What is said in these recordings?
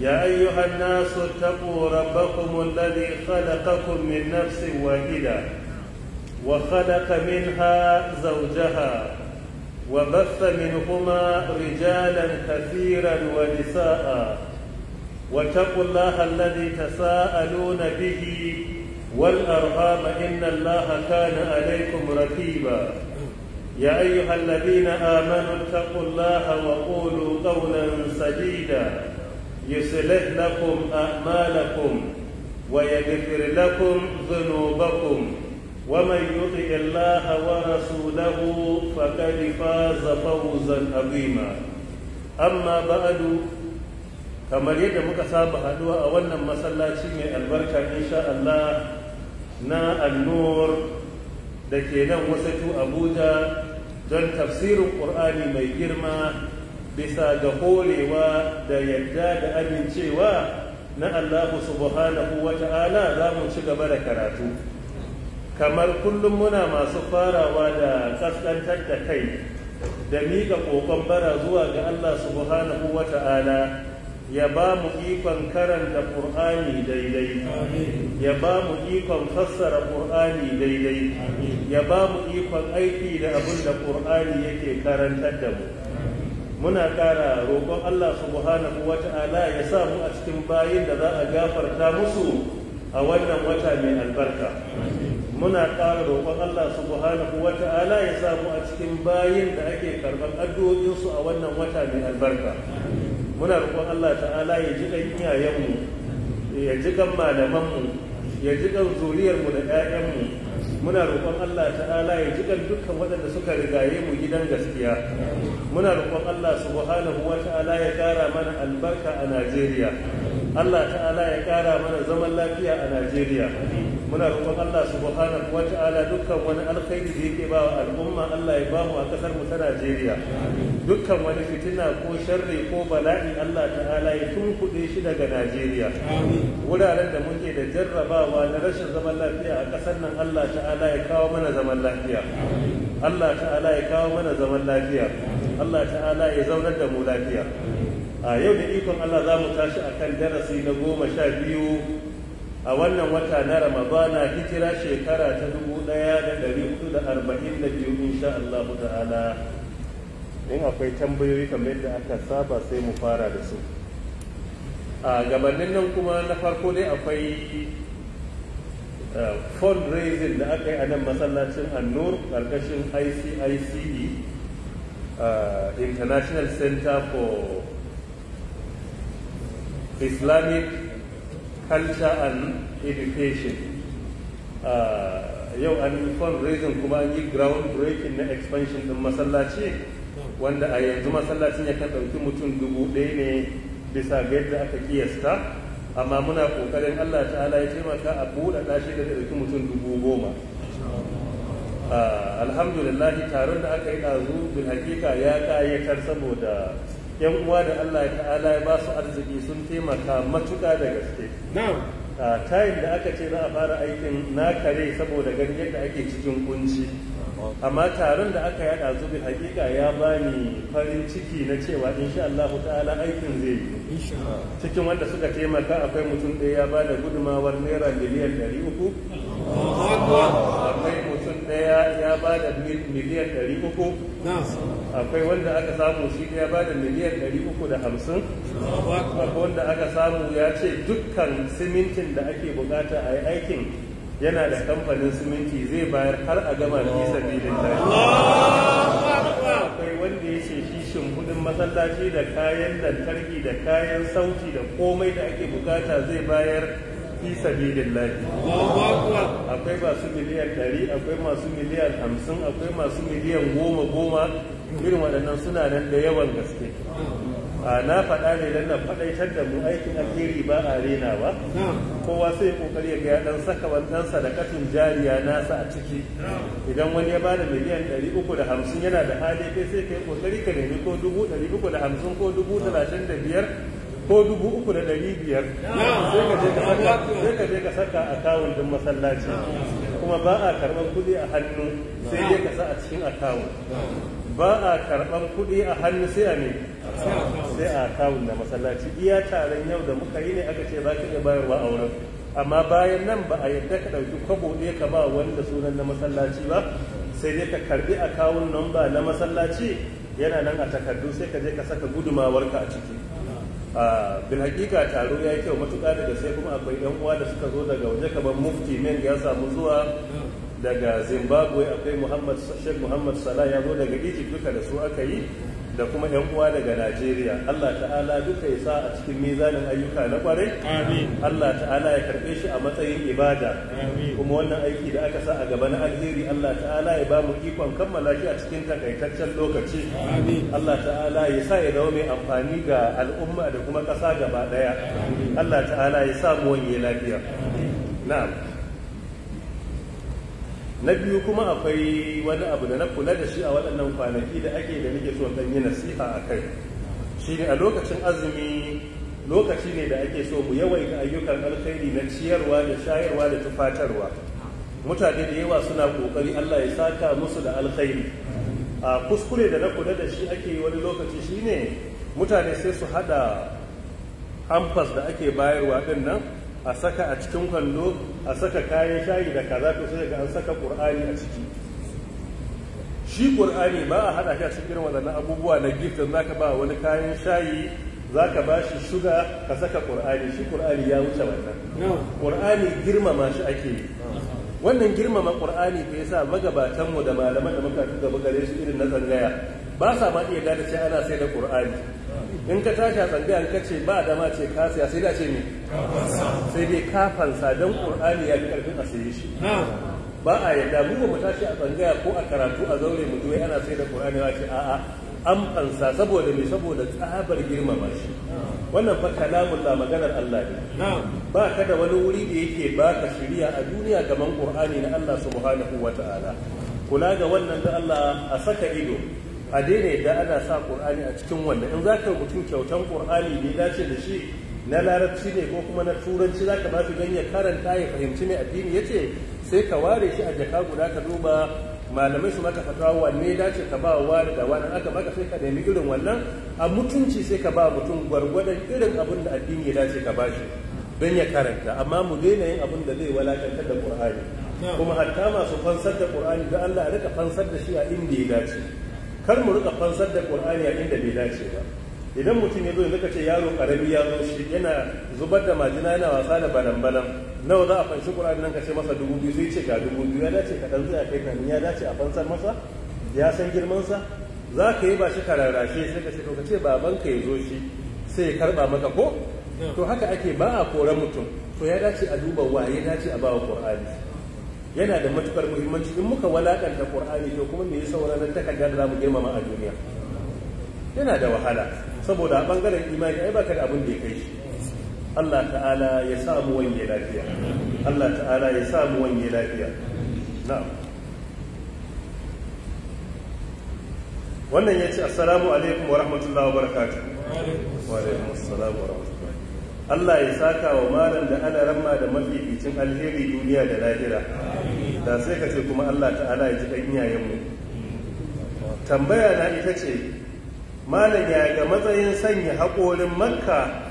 يا أيها الناس اتقوا ربكم الذي خلقكم من نفس واحدة وخلق منها زوجها وبث منهما رجالا كثيرا ونساء واتقوا الله الذي تساءلون به والأرهام إن الله كان عليكم رقيبا يا أيها الذين آمنوا اتقوا الله وقولوا قولا سديدا يصلح لكم أعمالكم ويغفر لكم ذنوبكم ومن يطع الله ورسوله فقد فاز فوزا عظيما أما بعد kamar yadda muka saba haduwa a wannan masallaci mai albarka insha Allah na annur da kenan nan wasatu abuja don tafsirin ƙur'ani mai girma bisa ga horewa da yadda da amincewa na Allah subhanahu wa ta'ala za mu ci gaba da karatu kamar kullum muna masu farawa da kaskantar da kai da miƙa ƙoƙon bara zuwa ga Allah subhanahu wa ta'ala ya ba mu ikon karanta ƙur'ani daidai ya ba mu ikon fassara ƙur'ani daidai ya ba mu ikon aiki da abin da ƙur'ani yake karantar da mu muna ƙara roƙon Allah subhanahu wa ta'ala ya sa mu a cikin bayin da za a gafarta musu a wannan wata mai albarka muna ƙara roƙon Allah subhanahu wa ta'ala ya sa mu a cikin bayin da ake karɓar addu'o'insu a wannan wata mai albarka muna roƙon Allah ta'ala ya ji iyayen iyayenmu ya ji kan malamanmu ya ji kan zuriyarmu da 'ya'yanmu muna roƙon Allah ta'ala ya jikan dukkan waɗanda suka rigaye mu gidan gaskiya muna roƙon Allah subhanahu wa ta'ala ya ƙara mana albarka a Najeriya Allah ta'ala ya ƙara mana zaman lafiya a Najeriya muna roƙon Allah su subhanahu wa ta'ala dukkan wani alkhairi da yake ba al'umma Allah ya ba mu a kasar mu ta Najeriya dukkan wani fitina ko sharri ko bala'i Allah ta'ala ya tun tunkuɗe shi daga Najeriya wuraren da muke da jarrabawa na rashin zaman lafiya a ƙasar nan Allah ta'ala ya kawo mana zaman lafiya Allah ta'ala ya kawo mana zaman lafiya Allah ta'ala ya zaunar da mu lafiya a yau da ikon Allah za mu tashi kan darasi na goma sha biyu a wannan wata na ramadana hijira shekara ta dubu da da da arba'in in insha Allah ta'ala in akwai tambayoyi kamar da aka saba sai mu fara da su a gabanin nan kuma na farko dai akwai eh, fundraising da aka yi a nan masallacin hannu ƙarƙashin icice eh, international center for islamic culture and education uh, yau an yi fundraising kuma an yi ground breaking na expansion din masallaci wanda a yanzu masallacin ya kan ɗauki mutum dubu ɗaya ne bisa ga yadda aka kiyasta amma muna ƙoƙarin allah ta'ala ya taimaka a buɗe ɗashi da ɗauki mutum dubu goma uh, alhamdulillahi taron da aka yi ɗazu bin hakika ya ƙayatar saboda yan uwa da Allah ya ta'ala ya ba su arziki sun taimaka matuƙa da gaske a tayin da aka ce za a fara aikin na kare saboda ganin yadda ake cikin kunci amma taron da aka yada zubi hakika ya bani farin ciki na cewa insha Allah ta'ala aikin zai yi cikin wanda suka taimaka akwai mutum ɗaya ya ba da gudumawar naira miliyan ɗari uku ɗaya ya ba da miliyan ɗari akwai wanda aka samu shi ya ba da miliyan 350 hamsin akwai wanda aka samu ya ce dukkan simintin da ake bukata a yi aikin yana da kamfanin siminti zai bayar har a gama fi sabilin akwai wanda ya ce shi shimfiɗin masallaci da kayan lantarki da kayan sauti da komai da ake bukata zai bayar fi akwai masu miliyan ɗari akwai masu miliyan hamsin akwai masu miliyan goma goma irin waɗannan suna nan da yawan gaske a na faɗa ne don na faɗaitar da mu aikin alheri ba a rena ba kowa sai kokari ga ya dan saka wani da katin jariya nasa a ciki idan wani ya bada miliyan ɗari uku da hamsin yana da hali kai sai kai kokari ka nemi ko dubu ɗari uku da hamsin ko dubu talatin da biyar ko dubu uku da ɗari biyar sai ka je ka saka a kawun din masallaci kuma ba a karɓar kuɗi a hannu sai dai ka sa a cikin akawun ba a karɓar kuɗi a hannu sai a ne sai a akawun na masallaci iya taron yau da muka yi ne aka ce za ka iya bayarwa auren. amma bayan nan ba a yadda ka ɗauki kwabo ɗaya ka ba wanda sunan na masallaci ba sai dai ka karɓi akawun ba na masallaci yana nan a takardu sai ka je ka saka gudumawarka a ciki bin hakika taro ya yi kyau matuƙa daga sai kuma akwai yan uwa da suka zo daga waje kamar mufti men ya samu zuwa daga zimbabwe akwai muhammad sheikh muhammad salah ya zo daga egypt duka da su aka yi da kuma yan uwa daga Najeriya Allah ta'ala duka ya sa a cikin mizanin ayyuka na kwarai Allah ta'ala ya karɓe shi a matsayin ibada kuma wannan aiki da aka sa a gaba na alheri Allah ta'ala ya ba mu ikon kammala shi a cikin takaitaccen lokaci Allah ta'ala ya sa ya zama mai amfani ga al'umma da kuma ƙasa gaba daya Allah ta'ala ya sa mu wani lafiya na'am na biyu kuma akwai wani abu da na kula da shi a waɗannan kwanaki da ake da nake so ɗan yi nasiha a kai shi ne a lokacin azumi lokaci ne da ake so mu yawaita ayyukan alkhairi na ciyarwa da shayarwa da tufatarwa mutane da yawa suna ƙoƙari allah ya saka musu da alkhairi a kuskure da na kula da shi ake yi wani lokaci shi ne, mutane sai su haɗa hampas da ake bayarwa ɗin nan a saka a cikin kwallo, a saka kayan shayi da kaza to sai ga an saka qur'ani a ciki shi qur'ani ba a hada shi a cikin wannan abubuwa na gift za ka ba wani kayan shayi za ka ba shi shuga ka saka qur'ani shi qur'ani ya wuce wannan qur'ani girmama shi ake yi wannan girmama ƙur'ani ke yasa magabatanmu da malaman da muka gaba gare su irin na tsangaya ba sa ma iya gada ce ana sai da ƙur'ani in ka tashi a tsangaya ka ce ba dama ce ka saya sai da ce ne sai dai ka fansa don ƙur'ani ya fi ƙarfin a saye shi ba a yadda mu ba mu tashi a tsangaya ko a karatu a zaure mu duwai ana sai da ƙur'ani ba ce a'a an fansa saboda mai saboda tsabar girmama shi wannan fa kalamun la maganar Allah ne ba ka da wani wuri da yake ba ka shirya a duniya gaman Qur'ani na Allah subhanahu ta'ala kula ga wannan da Allah a saka ido a daina da ana sa Qur'ani a cikin wannan in zaka mutum kyautan Qur'ani ne dace da shi na larabci ne ko kuma na turanci zaka ba shi ganye ya karanta ya fahimci ne addini yace sai ka ware shi a jaka guda ka duba malamai su maka fatawa wanne ya dace ka ba wa da wani aka maka sai ka nemi irin wannan a mutunci sai ka ba mutum gwargwadon irin abin da addini ya dace ka bashi don ya karanta amma mu daina yin abin da zai walakanta da qur'ani kuma hatta masu fansar da qur'ani da Allah ya rika fansar da shi a inda ya dace kar mu rika fansar da qur'ani a inda bai dace ba idan mutum ya zo yanzu ka ce yaro karami ya zo shi yana zubar da majina yana wasa da balan nawa za a fanshi ƙur'ani nan ka ce masa dubu biyu sai ce ga dubu biyu ya dace ka ɗan tsaya kai kan ya dace a fansar masa ya san girmansa za ka yi ba shi kararrashe sai ka ce ka ce babanka ya zo shi sai ya karɓa maka ko to haka ake ba a koran mutum to ya dace a duba wa ya dace a bawa ƙur'ani yana da matukar muhimmanci in muka walakanta Kur'ani to kuma me yasa wannan takaddar takarda da za mu girmama a duniya yana da wahala saboda a bangaren imani ai baka da abin da ya kai shi Allah ta'ala ya sa mu wanye lafiya Allah ta'ala ya sa mu wanye lafiya na'am wannan ya ce assalamu alaikum wa rahmatullahi wa barakatuh wa alaikum assalamu wa rahmatullahi Allah ya saka wa malam da ana ramma da mafificin alheri duniya da lahira da sai ka ce kuma Allah ta'ala ya ji ɗan iyayenmu tambaya na ita ce malam ya ga matsayin sanya haƙorin makka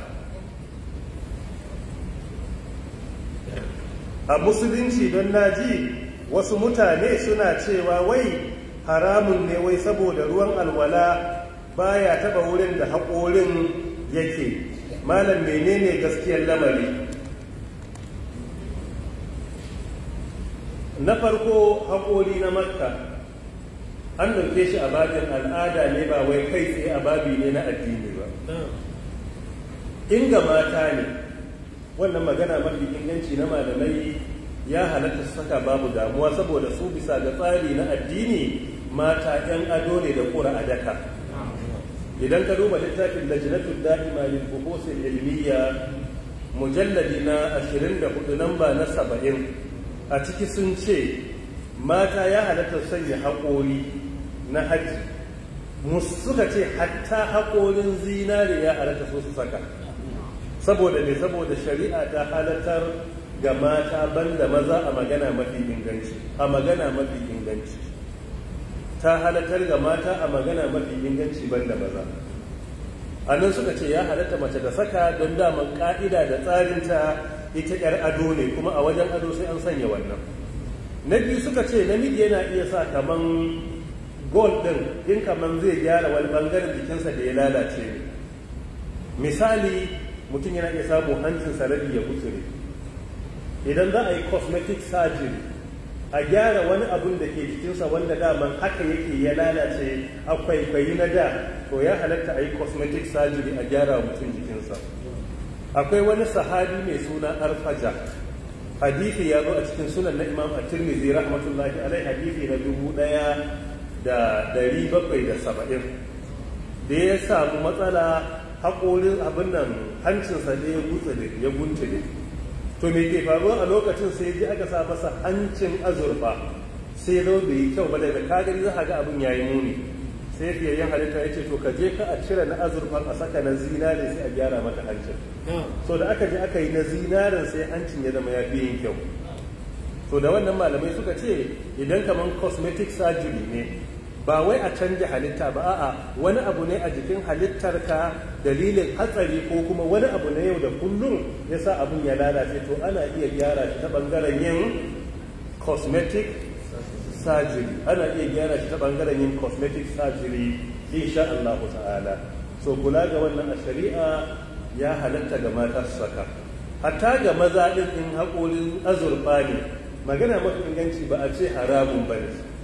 a musulunci don naji wasu mutane suna cewa wai haramun ne wai saboda ruwan alwala baya taba wurin da haƙorin yake malam menene gaskiyar lamari na farko haƙori na makka an ɗauke shi a babin al'ada ne ba wai kai tsaye a babi ne na addini ba Inga mata ne wannan magana mafi inganci na malamai ya halatta su saka babu damuwa saboda su bisa ga tsari na addini mata 'yan ado ne da kura a daka idan ka duba littafin jinatun da'ima lil bukosin ilmiya mujalladi na 24 namba na 70 a ciki sun ce mata ya halatta sanya haƙori na haji suka ce hatta haƙorin zinari ya halatta su su saka saboda ne saboda shari'a ta halattar ga mata banda maza a magana mafi inganci a magana mafi inganci ta halattar ga mata a magana mafi inganci banda maza a nan suka ce ya halatta mace da saka don daman ka'ida da tsarin ta ita 'yar ado ne kuma a wajen ado sai an sanya wannan na biyu suka ce namiji yana iya sa kaman gol ɗin in kamar zai gyara wani ɓangaren jikinsa da ya lalace ne misali mutum yana iya samu hancin sarari ya kutsure idan za a yi cosmetic surgery a gyara wani abun da ke jikinsa wanda daman haka yake ya lalace a kwaikwayi na da to ya halatta a yi cosmetic surgery a gyara mutum jikinsa akwai wani sahabi mai suna arfaja hadithi ya zo a cikin sunan na imam a tirmidhi rahmatullahi alai hadithi na dubu daya da ɗari bakwai da saba'in da ya samu matsala haƙorin abin nan hancinsa ne ya gutsule ya guntule to me ke faru a lokacin sai ji aka sa masa hancin azurfa sai zo bai yi kyau ba da ka gani za a ga abin yayi muni sai fiye yin halitta ya ce to ka je ka a cire na azurfa a saka na zinare sai a gyara mata hancin so da aka je aka yi na zinarin sai hancin ya zama ya fi yin kyau to da wannan malamai suka ce idan kamar cosmetic surgery ne ba wai a canja halitta ba a'a wani abu ne a jikin halittarka dalilin hatsari ko kuma wani abu ne yau da kullum ya sa abun ya lalace to ana iya gyara shi ta bangaren yin cosmetic surgery ana iya gyara shi ta bangaren yin cosmetic surgery insha Allah ta'ala so kula ga wannan a shari'a ya halatta ga mata saka hatta ga maza din in hakorin azurfa ne magana mafi inganci ba a ce haramun ba ne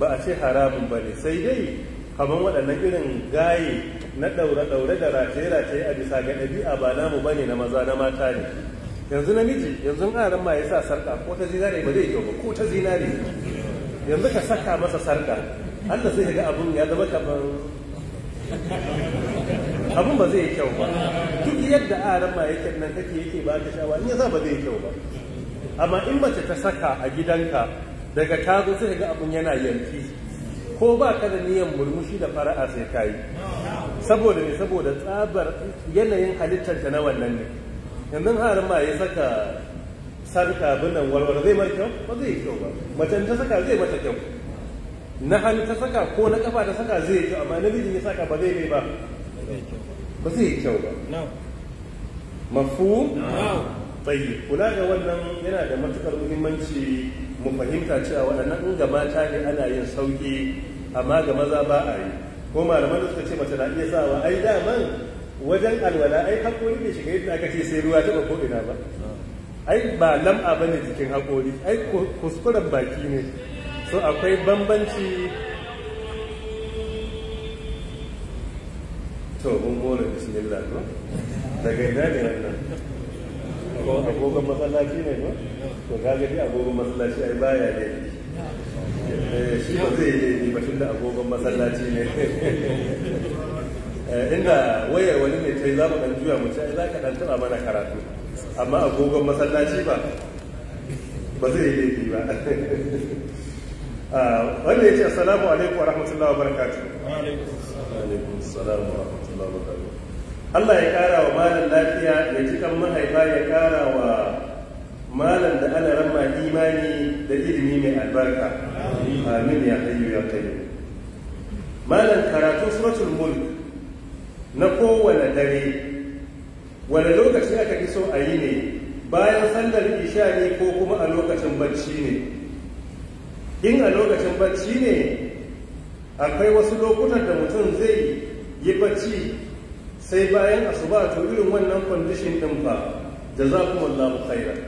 ba a ce haramun ba ne sai dai kamar waɗannan irin gaye na ɗaure-ɗaure da rataye-rataye a bisa ga ɗabi'a ba namu ba ne na maza na mata ne yanzu namiji yanzu aran ma ya sa sarƙa ko ta zinare ba zai kyau ba ko ta zinare yanzu ka saka masa sarƙa Allah sai ga abun ya zama kamar abun ba zai kyau ba duk yadda aran ma yake nan take yake ba ka shawa in ya za ba zai kyau ba amma in mace ta saka a gidanka daga ta zo sai ga abun yana yanki ko ba ka da niyan murmushi da fara'a sai ka yi saboda ne saboda tsabar yanayin halittar ta na wannan ne yanzu har ma ya saka sarka binan warware zai mai kyau ba zai kyau ba macen ta saka zai mata kyau na hannu ta saka ko na kafa ta saka zai kyau amma namijin ya saka ba zai mai ba ba zai kyau ba mafu tsayi kula ga wannan yana da matukar muhimmanci mu fahimta cewa waɗannan ga mata ne ana yin sauki amma ga maza ba a yi ko malaman da suka ce mace na iya sawa ai daman wajen alwala ai haƙori ne shiga yadda aka ce sai ruwa taɓa ko ina ba ai ba lam'a bane jikin haƙori ai kuskuren baki ne so akwai bambanci to mun bismillah daga ina ne wannan agogon masallaci ne ba to kaga shi agogon masallaci ai baya ne eh, shi ba zai yi ba tunda agogon masallaci ne eh, inda wayar wani ne ta yi za mu dan juya mu ce za ka dan tura mana karatu amma agogon masallaci ba ba zai yi laifi ba ah, wanda ya ce assalamu alaikum wa rahmatullahi wa barakatuh wa alaikum assalam wa rahmatullahi wa barakatuh Allah ya kara wa malam lafiya da cikin mahaifa ya kara wa malam da ana ramma imani da ilimi mai albarka amin ya hayyu ya kai. malam karatu suratul mulk na kowane dare wani lokaci aka fi so a yi ne bayan sallar isha ne ko kuma a lokacin bacci ne in a lokacin bacci ne akwai wasu lokutan da mutum zai yi bacci sai bayan asuba to irin wannan kwandishin din fa jazakumullahu khairan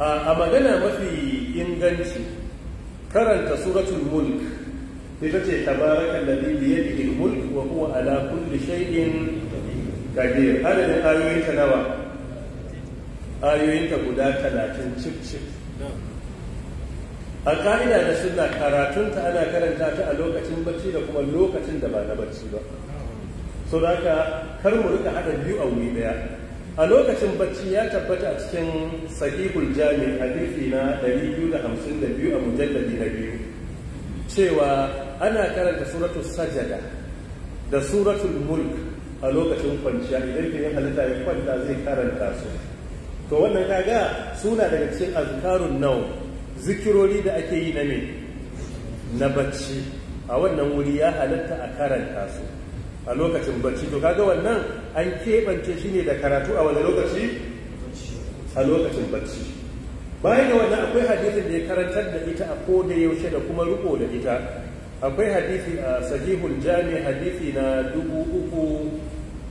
a magana mafi inganci karanta suratul mulk ita ce tabaraka alladhi bi yadihi mulk wa huwa ala kulli shay'in qadir adadin ayoyin ta nawa ayoyin ta guda 30 cik-cik. a ka'ida da sunna karatunta ana karanta ta a lokacin bacci da kuma lokacin da ba na bacci ba so kar mu rika hada biyu a wuri daya a lokacin bacci ya tabbata a cikin sahihul jami hadisi na 252 a mujalladi na biyu cewa ana karanta suratul sajada da suratul mulk a lokacin kwanciya idan kin halitta ya kwanta zai karanta su to wannan kaga suna daga cikin azkarun nau zikirori da ake yi na me na bacci a wannan wuri ya halitta a karanta su a lokacin bacci to kaga wannan an keɓance shi ne da karatu a wani lokaci a lokacin bacci bayan da wannan akwai hadisin da ya karantar da ita a ko da yaushe da kuma riko da ita akwai hadisi a sahihul jami hadisi na dubu uku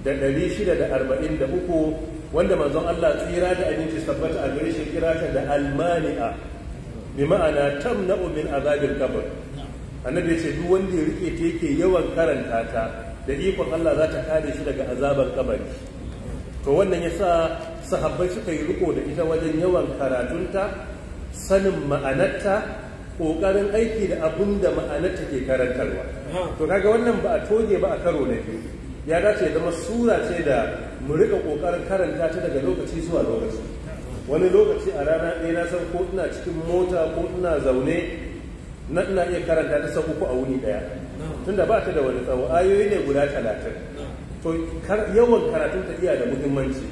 da ɗari shida da arba'in da uku wanda manzon Allah tsira da abinci tabbata a gare shi kira ta da almani'a bi ma'ana tamna'u min azabil qabr annabi ya ce duk wanda ya rike ta yake yawan karanta ta da ikon Allah za ta kare shi daga azabar kabari to wannan ya sa sahabbai suka yi riko da ita wajen yawan karatunta sanin ma'anarta ƙoƙarin aiki da abun da ma'anarta ke karantarwa to kaga wannan ba a toge ba a karo na biyu ya dace zama sura ce da mu rika kokarin karanta ta daga lokaci zuwa lokaci wani lokaci a rana ɗaya na san ko ina cikin mota ko ina zaune na ina iya karanta ta sau uku a wuni ɗaya tunda ba ta da wani tsawo ayoyi ne guda talatin to yawan karatun ta iya da muhimmanci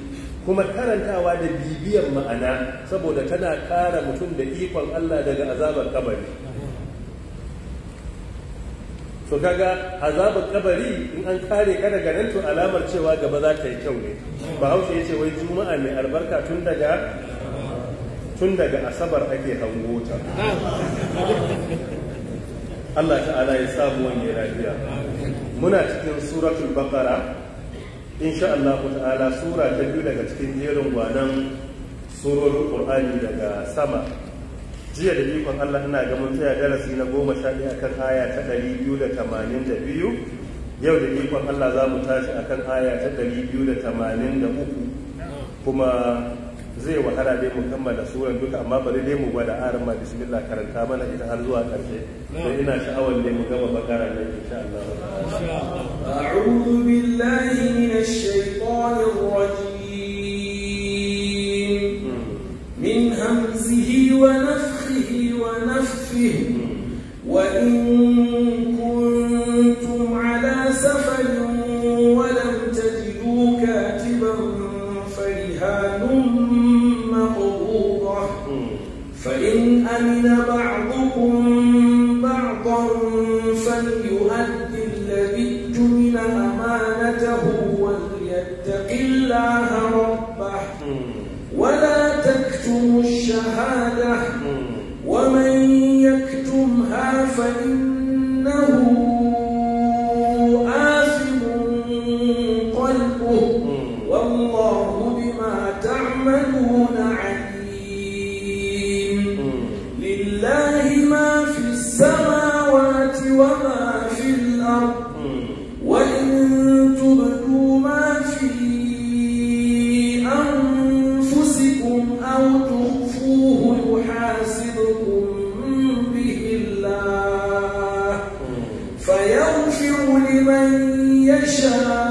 kuma karantawa da bibiyar ma'ana saboda tana kara mutum da ikon Allah daga azabar kabari to kaga azabar kabari in an kare ka daga nan to alamar cewa gaba za ta yi kyau ne bahaushe ya ce wai juma'a mai albarka tun daga tun daga asabar ake hango ta Allah ta'ala ya samu wani lafiya muna cikin suratul bakara insha Allah ta'ala sura ta biyu daga cikin jerin gwanan surorin qur'ani daga sama jiya da ikon Allah ina ga mun tsaya darasi na goma sha ɗaya kan aya ta ɗari biyu da tamanin da biyu yau da ikon Allah za mu tashi akan aya ta ɗari biyu da tamanin da uku kuma zai wahala dai mu kammala suran duka amma bari dai mu gwada aran ma bismillah karanta mana ita har zuwa karshe don ina sha'awar dai mu gama bakara ne insha Allah a'udhu billahi minash shaitanir rajim min hamzihi wa nafthihi wa nafthihi wa in أمن بعضكم بعضا فليؤدي الذي جمل أمانته وليتق الله ربه ولا تكتموا الشهادة لمن يشاء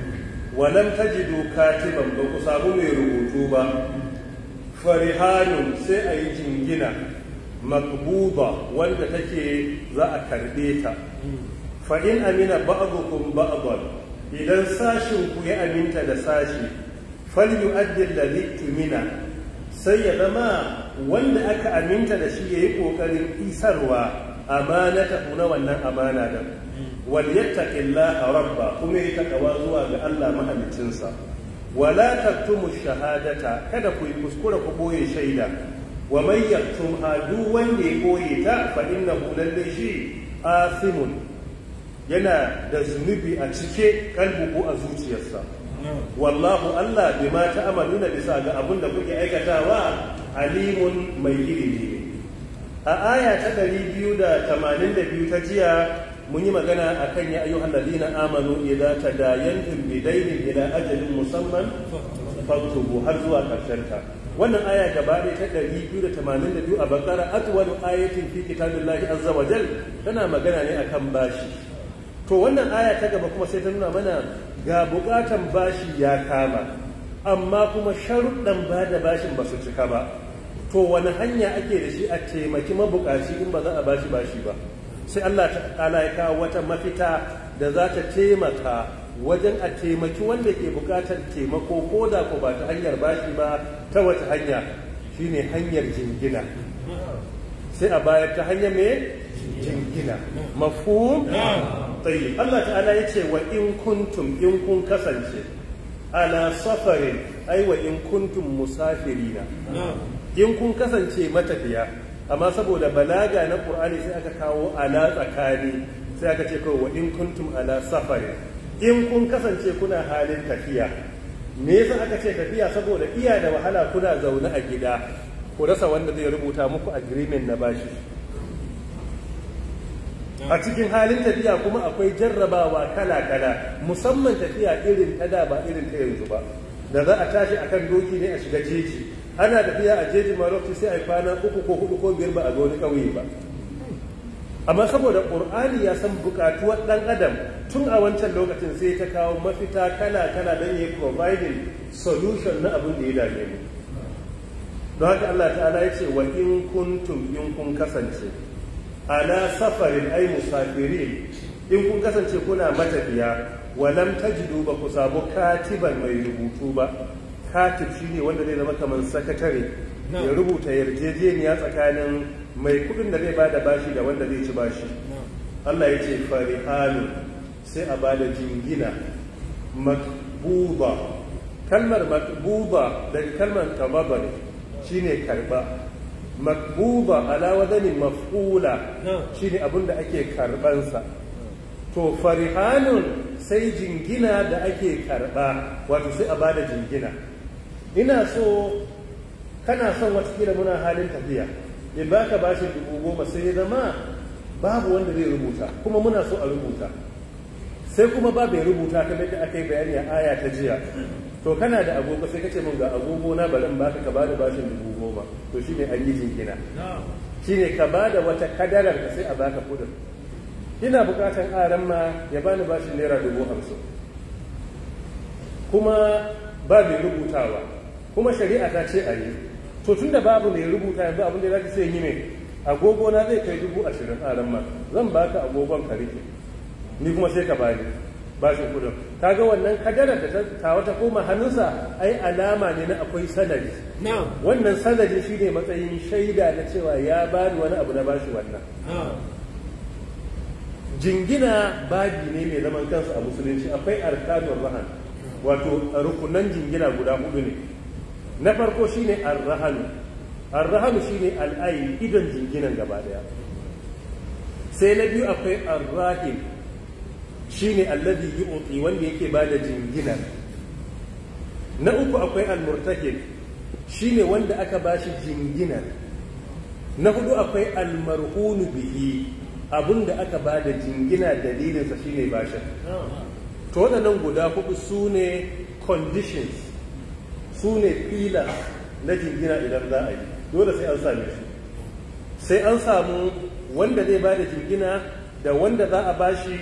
walam tajidu katiban ba ku samu mai rubutu ba farihanun sai a yi jingina makbuba wanda take za a karbe ta fa in amina ba'dukum ba'dan idan sashin ku ya aminta da sashi fal yu'addi alladhi tumina sai ya zama wanda aka aminta da shi yayi ƙoƙarin isarwa ta na wannan amana da wal a rabba kuma yi takawa zuwa ga Allah mahaliccinsa wala taktumu shahadata kada ku yi kuskura ku boye shaida wa man yaktumha duk wanda ya boye ta fa innahu lalle shi asimun yana da zunubi a cike kalbu ko a zuciyarsa wallahu Allah bima na bisa ga abin da kuke aikatawa alimun mai ilimi ne a aya ta biyu da da tamanin biyu ta jiya mun yi magana a kan ya ayyuhan ladina amanu da yankin, bidaynin ila ajalin musamman faktubu har zuwa karshen ta wannan aya gaba ɗaya ta biyu da da tamanin biyu a bakara atwalu ayatin fi kitabillahi azza wa jal tana magana ne a kan bashi to wannan aya ta gaba kuma sai ta nuna mana ga bukatan bashi ya kama amma kuma sharuɗan ba da bashin ba su cika ba to wani hanya ake da shi a taimaki mabukaci in ba za a bashi bashi ba sai Allah ta'ala ya kawo wata mafita da za ta taimaka wajen a taimaki wanda ke bukatar taimako ko da ko ba ta hanyar bashi ba ta wata hanya shine hanyar jingina sai a bayar ta hanyar me jingina mafhum tayyib Allah ta'ala ya ce wa in kuntum in kun kasance ala safarin ai wa in kuntum musafirina in kun kasance matafiya amma saboda balaga na qur'ani sai aka kawo ala tsakani sai aka ce kawai wa in kuntum ala safari in kun kasance kuna halin tafiya me yasa aka ce tafiya saboda iya da wahala kuna zaune a gida ku rasa wanda zai rubuta muku a agreement na bashi a cikin halin tafiya kuma akwai jarrabawa kala-kala musamman tafiya irin ta ba irin ta yanzu ba da za a tashi akan doki ne a shiga jeji ana tafiya a jeji ma lokaci sai a yi kwana uku ko hudu ko biyar ba a zo wani ƙauye ba amma saboda ƙur'ani ya san buƙatuwar ɗan adam tun a wancan lokacin sai ta kawo mafita kala kala don ya providing solution na abin da ya dame mu don haka Allah ta'ala ya ce wa in kuntum in kun kasance ala safarin ai musafirin in kun kasance kuna matafiya walam tajidu ba ku samu katiban mai rubutu ba katib shine wanda zai zama kamar sakatare ya rubuta yarjejeniya tsakanin mai kudin da zai bada bashi da wanda zai ci bashi Allah ya ce farihanu sai a bada jingina makbuba kalmar makbuba daga kalmar shi ne karba makbuba alawa maf'ula shine abin ake karbansa to farihanun sai jingina da ake karba wato sai a bada jingina ina so kana son watakila muna halin tafiya ya baka bashin dubu goma sai ya zama babu wanda zai rubuta kuma muna so a rubuta sai kuma ba bai rubuta kamar yadda aka yi bayani a aya ta jiya to kana da agogo sai kace mun ga agogo na bari ba baka ka bada bashin dubu goma to ne an yi jinkina shine ka bada wata kadarar ka sai a baka kudin ina bukatan aran ma ya bani bashin naira dubu hamsin kuma ba mai rubutawa kuma shari'a ta ce a yi to da babu mai rubuta yanzu abin da za sai yi ne agogo na zai kai dubu ashirin a ranma ma zan baka agogon ka rike ni kuma sai ka bani bashin kudin ga wannan kadarar da ta wata koma hannunsa ai alama ne na akwai sanadi wannan sanadi shine matsayin shaida na cewa ya bani wani abu na bashi wannan jingina babi ne mai zaman kansu a musulunci akwai arkanun rahan wato rukunan jingina guda hudu ne na farko shine arrahanu arrahanu shine al'ayi idon jinginan gaba daya sai na biyu akwai ne shine alladhi yu'ti wanda yake bada jinginan na uku akwai shi shine wanda aka bashi jinginar. na hudu akwai almarhunu bihi abinda aka ba da jingina dalilinsa shine bashi to waɗannan guda hudu sune ne conditions su ne fila na jingina idan za a yi dole sai an same su sai an samu wanda zai ba da jingina da wanda za a bashi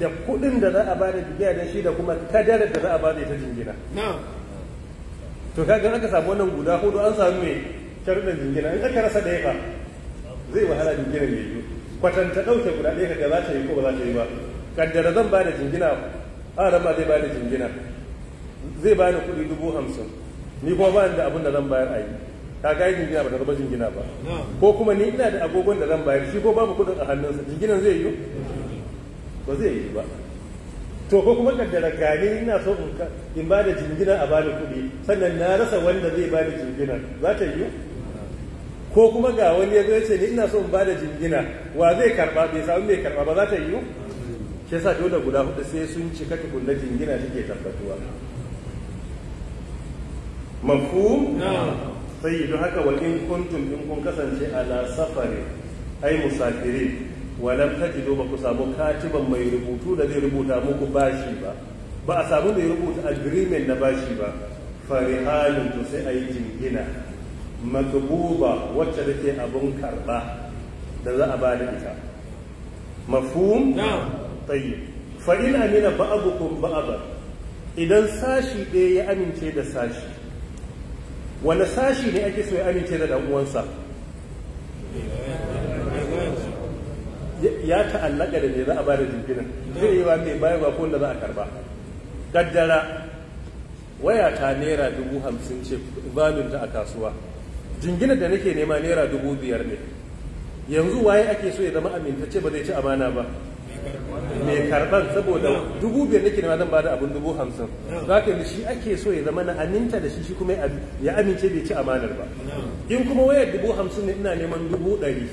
da kuɗin da za a ba da jingina da shi da kuma kadarar da za a ba da ita jingina to kaga aka samu wannan guda hudu an samu mai sharuɗin jingina in aka rasa ɗaya fa zai wahala jingina mai yi kwatanta ɗauke guda ɗaya kaga za ta yi ko ba za ta yi ba kaddara zan ba da jingina a rama zai ba da jingina zai ba da kuɗi dubu hamsin ni kuma ba da abin da zan bayar a yi ta ga yi jingina ba ta zama jingina ba ko kuma ni ina da agogon da zan bayar shi ko babu kudin a hannunsa jinginan zai yi ba zai yi ba to ko kuma kaddara gane ina so in ba da jingina a bada kuɗi sannan na rasa wanda zai ba da jingina za ta yi ko kuma ga wani ya ce ni ina so in ba da jingina wa zai karba bai samu mai karba ba za ta yi shi sa dole guda hudu sai sun cika tukunna jingina take tabbatuwa mafhum sai haka wa in kuntum in kun kasance a ala safari ai musafirin walam tajidu ba ku samu katiban mai rubutu da zai rubuta muku bashi ba ba a samu ya rubuta agreement na bashi ba farihalun to sai a yi jingina matububa wacce take abun karba da za a ba da ita mafhum tayyib fa in amina ba'dukum ba'dan idan sashi ɗaya ya amince da sashi wani sashi ne ake so ya amince da ɗan'uwansa? ya ta'allaka da ne za a ba da jirginin zai yi wa mai bayan ba kowanda za a karba kaddara waya ta naira dubu hamsin ce valin ta a kasuwa jirginin da nake nema naira dubu biyar ne yanzu waye ake so ya zama amintacce ba zai ci amana ba mai karban saboda dubu biyar nake nema zan bada abin dubu hamsin za ka yi shi ake so ya zama na aminta da shi shi kuma ya amince bai ci amanar ba in kuma wayar dubu hamsin ne ina neman dubu ɗari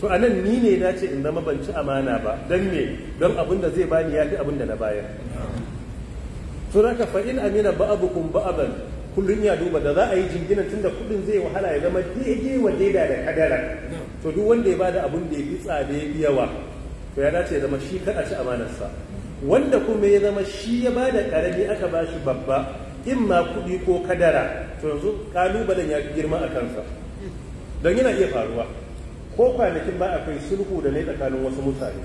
to a nan ni ne na ce in zama ban ci amana ba don me don abin da zai bani ya fi abin da na bayar to za ka fa'in amina ba'abukum ba'aban kullum ya duba da za a yi jinginan tunda kudin zai wahala ya zama daidai wa daidai da kadara to duk wanda ya bada abin da ya fi tsada yawa to ya dace zama shi kada ci amanarsa wanda kuma ya zama shi ya ba da karami aka ba shi babba in ma kuɗi ko kadara to yanzu kalubalen ya girma a kansa don yana iya faruwa ko kwanakin ba akwai sulhu da ne tsakanin wasu mutane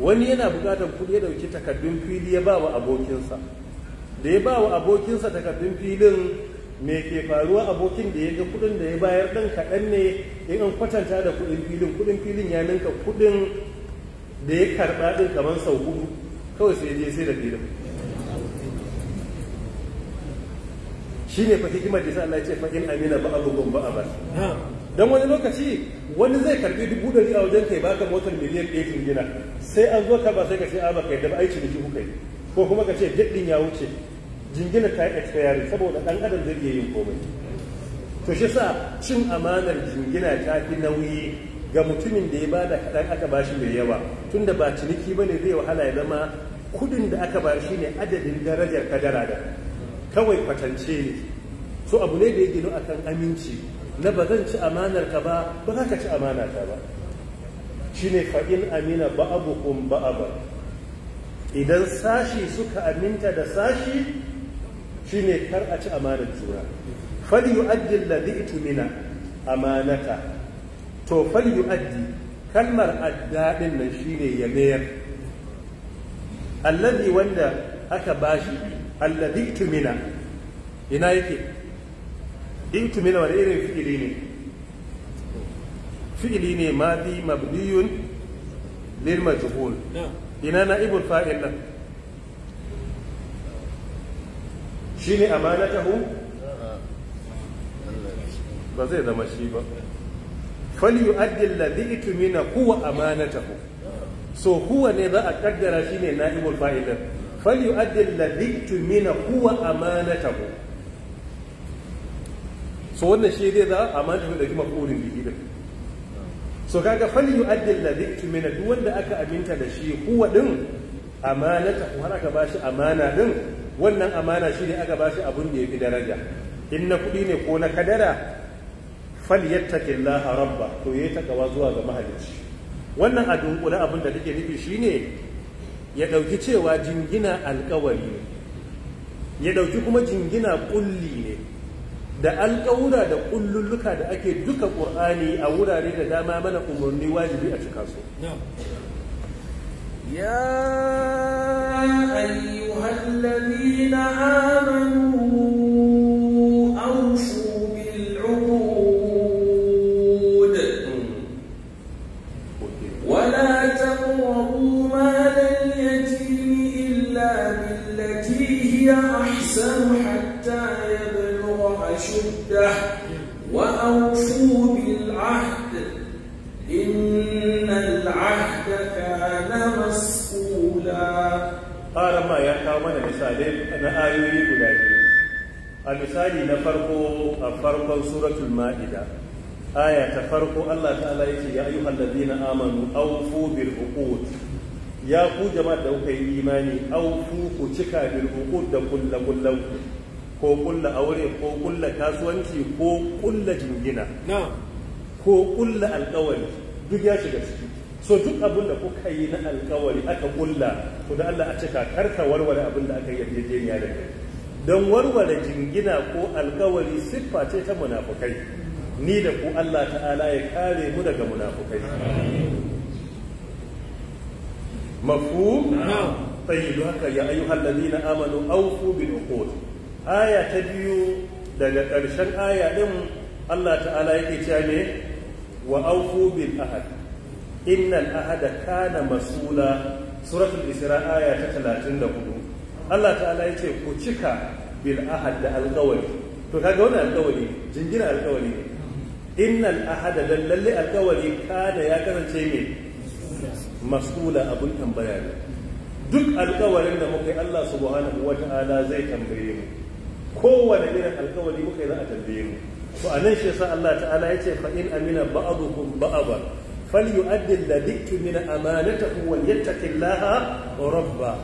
wani yana buƙatar kuɗi ya ɗauki takardun fili ya ba wa abokinsa da ya ba wa abokinsa takardun filin me ke faruwa abokin da ya ga kuɗin da ya bayar ɗan kaɗan ne in an kwatanta da kuɗin filin kuɗin filin ya ninka kuɗin da ya karɓa ɗin kamar sau hudu kawai sai je sai da filin shi ne fa hikimar da sa Allah ya ce fa'in amina ba abubuwan ba a ba dan wani lokaci wani zai karɓi dubu dari a wajen kai baka motar miliyan ɗaya gina sai an zo ka ba sai ka ce a kai da ba aiki ciniki kuka yi ko kuma ka ce daɗin ya wuce jingina ta yi expiring saboda ɗan adam zai iya yin komai to shi sa cin amanar jingina ta fi nauyi ga mutumin da ya ba da kaɗan aka ba shi mai yawa tunda ba ciniki ba ne zai wahala ya zama kudin da aka ba shi ne adadin darajar kadara da kawai kwatance ne so abu ne da ya gino akan aminci na ba zan ci amanar ka ba ba za ka ci amana ta ba Shi ne fa'in amina ba ba abu idan sashi suka aminta da sashi shi ne kar a ci amanar juna fali yu'addi alladhi itmina amanata to fal yu'addi kalmar adda din nan shine ya mayar alladhi wanda aka bashi alladhi tumina ina yake in tumina wani irin fi'ili ne fi'ili ne madi mabniyun lil majhul ina na na'ibul fa'il nan shine amanatahu ba zai zama shi ba Faliyu falyu'addi alladhi itmina huwa amanatahu so huwa ne za a kaddara shine na'ibul fa'il din falyu'addi alladhi kuwa huwa amanatahu so wannan shi zai za a amanatahu da kuma kurin da din so kaga falyu'addi alladhi itmina duk wanda aka aminta da shi kuwa din amanatahu har aka bashi amana din wannan amana shi ne aka bashi abun da ya fi daraja in na kudi ne ko na kadara falyattaqillaha rabba to yayi takawa zuwa ga mahalicci wannan a dunkule abin da take nufi shine ya dauki cewa jingina alkawari ne ya dauki kuma jingina kulli ne da alƙawura da kullulluka da ake duka ƙur'ani a wurare da dama mana umarni wajibi a cika su يا أيها الذين amanu. kawo mana misalai na ayoyi guda biyu a misali na farko a farkon suratul ma'ida aya ta farko Allah ta'ala ya ce ya ayyuhal ladina amanu aufu bil uqud ya ku jama'a da kuka yi imani aufu ku cika bil da kulla kulla ko kulla aure ko kulla kasuwanci ko kulla jingina ko kulla alkawari duk ya shiga ciki so duk abin da kuka yi na alkawari aka kulla to da Allah a cika karka warware abin da aka yi yarjejeniya da kai don warware jingina ko alkawari siffa ce ta munafukai ni da ku Allah ta'ala ya kare mu daga munafukai mafu tayyidu haka ya ayyuhal ladina amanu awfu bil uqud aya ta biyu daga karshen aya din Allah ta'ala yake cewa ne wa awfu bil ahad innal ahada kana masula suratul isra aya ta 34 Allah ta'ala yace ku cika bil ahad da alqawli to kaga wannan alqawli jingina alqawli ne innal ahada lalle alqawli kana ya kasance me masula abun tambaya ne duk alqawarin da muka yi Allah subhanahu wa ta'ala zai tambaye mu kowane irin alqawli muka yi za a tambaye mu to anan shi yasa Allah ta'ala yace fa in amina ba'dukum ba'dan فليؤدي الذي اؤتمن امانته وليتق الله Kuma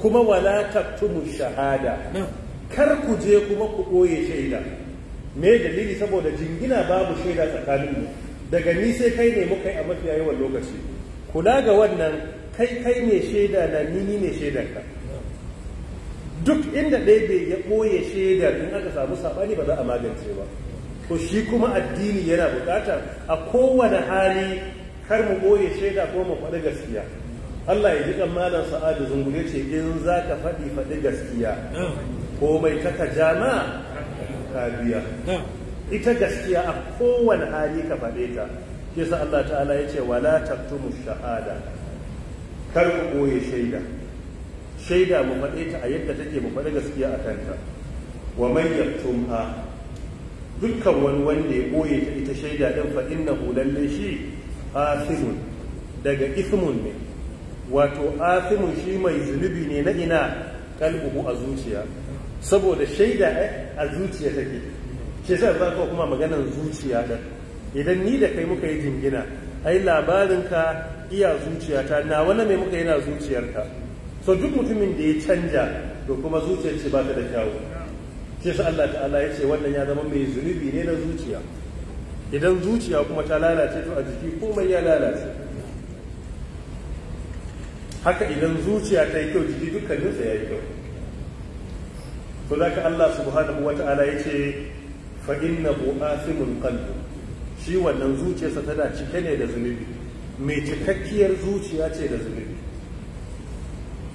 كما ولا تكتموا الشهاده kar ku je kuma ku ɓoye shaida me dalili saboda jingina babu shaida tsakanin mu daga ni sai kai ne muka yi a mafiya yawan lokaci kula ga wannan kai kai ne shaida na ni ni ne shaidarka duk inda ɗaya bai ya ɓoye shaidar in aka samu saɓani ba za a magance ba to shi kuma addini yana bukata a kowane hali kar mu boye shaida ko mu faɗi gaskiya Allah ya ji kan malam sa'adu zungure ce in za ka faɗi faɗi gaskiya komai kaka jana ka biya ita gaskiya a kowane hali ka faɗe ta shi sa Allah ta'ala ya ce wala taktumu shahada kar mu boye shaida shaida mu faɗe ta a yadda take mu faɗi gaskiya a kanta wa man yaktumha dukkan wani wanda ya ɓoye ta ita shaida ɗin faɗin na lalle shi asimun daga ismun ne wato asimun shi mai zunubi ne na ina kalbuhu a zuciya saboda shaida a zuciya take ke sai za ka kuma maganar zuciya ɗin idan ni da kai muka yi jingina ai labarinka iya zuciyata na wani mai muka yana zuciyarka so duk mutumin da ya canja to kuma zuciyar ce ba ta da kyawu shi sa Allah ta'ala ya ce wannan ya zama mai zunubi ne na zuciya idan zuciya kuma ta lalace to a jiki komai ya lalace haka idan zuciya ta yi kyau jiki dukkaninsa ya yi kyau to za ka Allah subhanahu wa ta'ala ya ce fa innahu asimun qalbu shi wannan zuciyarsa tana cike ne da zunubi mai cikakkiyar zuciya ce da zunubi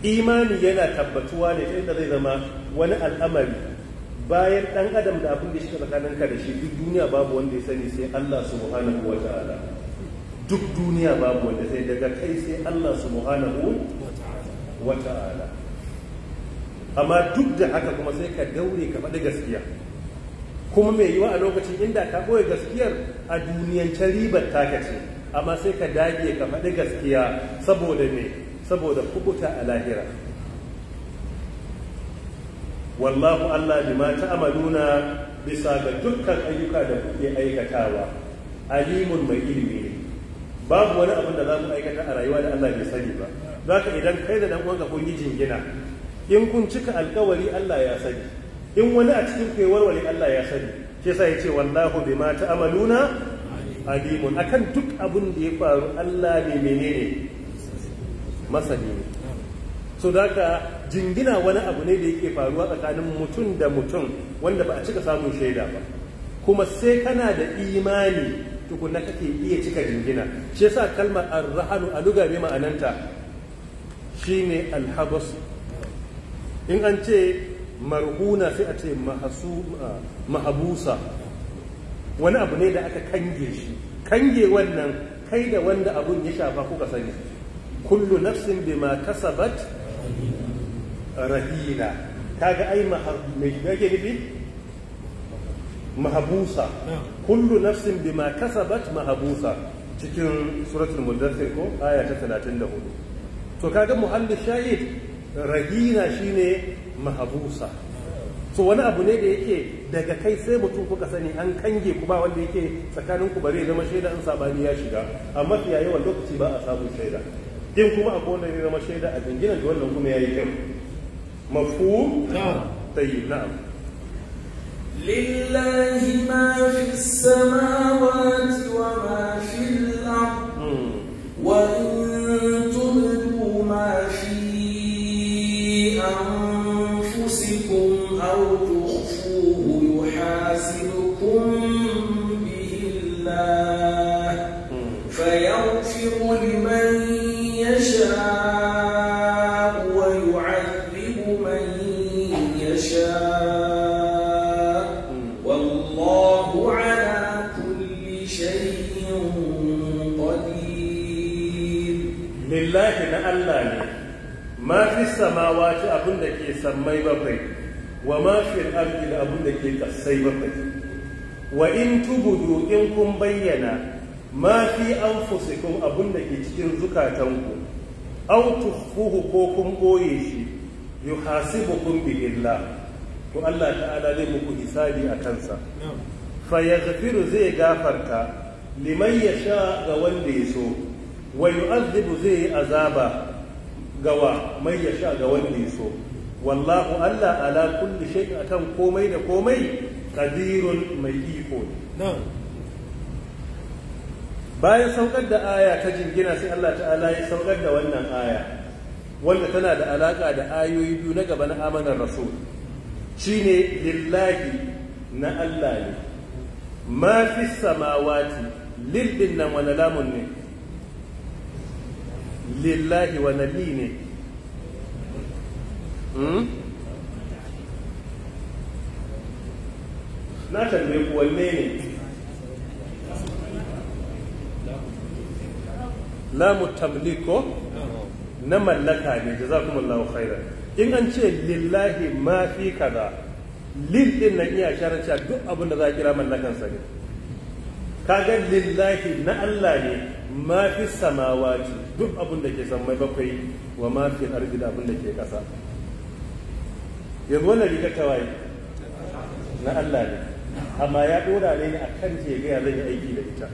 imani yana tabbatuwa ne inda zai zama wani al'amari bayan dan adam da abin da shi tsakanin ka da shi duk duniya babu wanda ya sani sai Allah subhanahu wa ta'ala duk duniya babu wanda sai daga kai sai Allah subhanahu wa ta'ala amma duk da haka kuma sai ka daure ka faɗi gaskiya kuma mai yiwa a lokacin inda ka ɓoye gaskiyar a duniyance ribar taka ce amma sai ka dage ka faɗi gaskiya saboda me saboda kubuta a lahira wallahu Allah bima ta'maluna bisa ga dukkan ayyuka da kuke aikatawa alimun mai ilimi ne babu wani abin da za ku aikata a rayuwa da Allah bai sani ba zaka idan kai da dan uwanka kun yi jingina in kun cika alkawari Allah ya sani in wani a cikin kai warware Allah ya sani shi yasa yace wallahu bima ta'maluna alimun akan duk abin da ya faru Allah ne menene masani ne so daka jingina wani abu ne da yake faruwa tsakanin mutum da mutum wanda ba a cika samun shaida ba kuma sai kana da imani tukuna kake iya cika jingina shi yasa kalmar arrahanu a luga ne ma'ananta shine alhabas in an ce marhuna sai a ce ah, mahabusa wani abu ne da aka kange shi kange wannan kai da wanda abun ya shafa kuka sani kullu nafsin bima kasabat rahina kaga ai mai yake nufi mahabusa kullu nafsin bima kasabat mahabusa cikin suratul mudaththir ko aya ta 34 to kaga muhammad shahid rahina shine mahabusa so wani abu ne da yake daga kai sai mutum kuka sani an kange ku ba wanda yake tsakanin ku bare zama shaida an sabani ya shiga amma fiye yawan lokaci ba a sabon shaida in kuma akwai wanda ya zama shaida a jinginan da wannan kuma ya yi kyau مفهوم؟ نعم طيب نعم لله ما في السماوات وما في الأرض وإن تبدوا ما في أنفسكم أو تخفوه يحاسبكم lillahi na Allah ne ma fi samawa ci abin da ke sammai bakwai wa ma arzikin abin da ke kasai bakwai wa in tubudu in kun bayyana mafi fi an fusikun abin da ke cikin zukatanku au tufuhu ko kun ɓoye shi yi hasi bukun bi illah to Allah ta'ala zai muku hisabi a kansa fa zafiru zai gafarta liman sha ga wanda ya so wa yu'adhibu zai azaba gawa mai ya sha ga wanda ya so wallahu Allah ala kulli shay'in akan komai da komai qadirun mai iko bayan saukar da aya ta jingina sai Allah ta'ala ya saukar da wannan aya wanda tana da alaka da ayoyi biyu na gaba na amanar rasul shine lillahi na Allah ne ma fi samawati lil nan wani lamun ne lillahi wa li ne hmm? na tambaye ku wanne ne lamu tamliko na mallaka ne jazakumullahu khairan in an ce lillahi ma fi kaza lil din nan iya sharar cewa duk abin da za a kira mallakan sa ne kaga lillahi na Allah ne ma fi samawati duk abin da ke samai bakwai wa ma fi ardi da abin da ke kasa yanzu wannan riga tawaye na Allah ne amma ya dora ne a kan tegaya zan yi aiki da ita